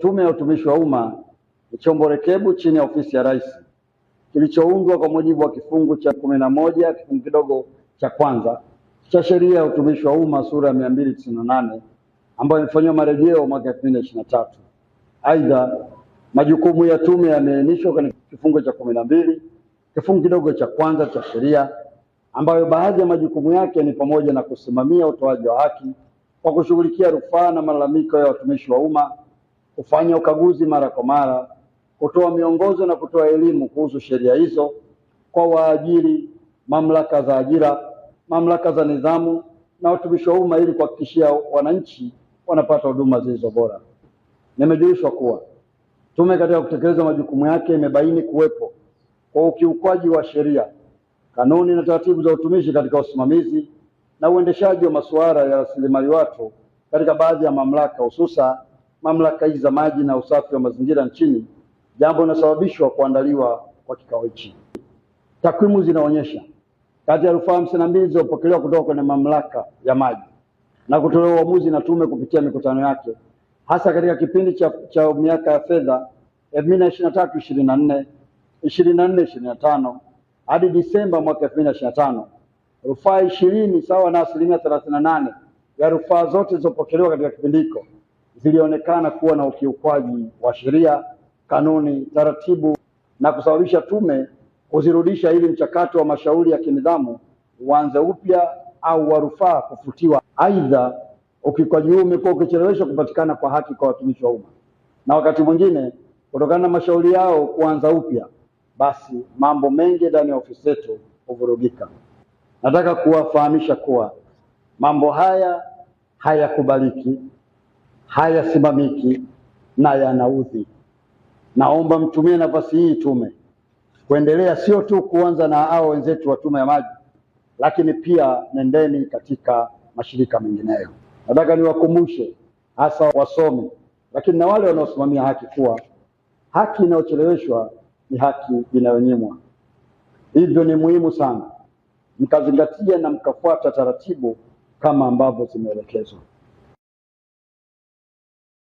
Tume ya Utumishi wa Umma ni chombo rekebu chini ya Ofisi ya Rais kilichoundwa kwa mujibu wa kifungu cha kumi na moja kifungu kidogo cha kwanza cha Sheria ya Utumishi wa Umma sura ya mia mbili tisini na nane ambayo imefanyiwa marejeo mwaka elfu mbili na ishirini na tatu. Aidha, majukumu ya tume yameainishwa kwenye kifungu cha kumi na mbili kifungu kidogo cha kwanza cha sheria ambayo baadhi ya majukumu yake ni pamoja na kusimamia utoaji wa haki kwa kushughulikia rufaa na malalamiko ya watumishi wa umma kufanya ukaguzi mara kwa mara, kutoa miongozo na kutoa elimu kuhusu sheria hizo kwa waajiri, mamlaka za ajira, mamlaka za nidhamu na watumishi wa umma ili kuhakikishia wananchi wanapata huduma zilizo bora. Nimejulishwa kuwa tume katika kutekeleza majukumu yake imebaini kuwepo kwa ukiukwaji wa sheria, kanuni na taratibu za utumishi katika usimamizi na uendeshaji wa masuala ya rasilimali watu katika baadhi ya mamlaka hususa mamlaka hizi za maji na usafi wa mazingira nchini, jambo linasababishwa kuandaliwa kwa kikao hichi. Takwimu zinaonyesha kati ya rufaa hamsini na mbili zilizopokelewa kutoka kwenye mamlaka ya maji na kutolewa uamuzi na tume kupitia mikutano yake, hasa katika kipindi cha, cha miaka ya fedha elfu mbili na ishirini na tatu ishirini na nne ishirini na nne ishirini na tano hadi Disemba mwaka elfu mbili na ishirini na tano rufaa ishirini sawa na asilimia thelathini na nane ya rufaa zote zilizopokelewa katika kipindi hiko zilionekana kuwa na ukiukwaji wa sheria, kanuni, taratibu na kusababisha tume kuzirudisha ili mchakato wa mashauri ya kinidhamu uanze upya au wa rufaa kufutiwa. Aidha, ukiukwaji huu umekuwa ukicheleweshwa kupatikana kwa haki kwa watumishi wa umma na wakati mwingine kutokana na mashauri yao kuanza upya, basi mambo mengi ndani ya ofisi zetu huvurugika. Nataka kuwafahamisha kuwa mambo haya hayakubaliki hayasimamiki na yanaudhi. Naomba mtumie nafasi hii tume kuendelea sio tu kuanza na hao wenzetu wa tume ya maji, lakini pia nendeni katika mashirika mengineyo. Nataka niwakumbushe hasa wasomi, lakini na wale wanaosimamia haki kuwa haki inayocheleweshwa ni haki inayonyimwa. Hivyo ni muhimu sana mkazingatia na mkafuata taratibu kama ambavyo zimeelekezwa.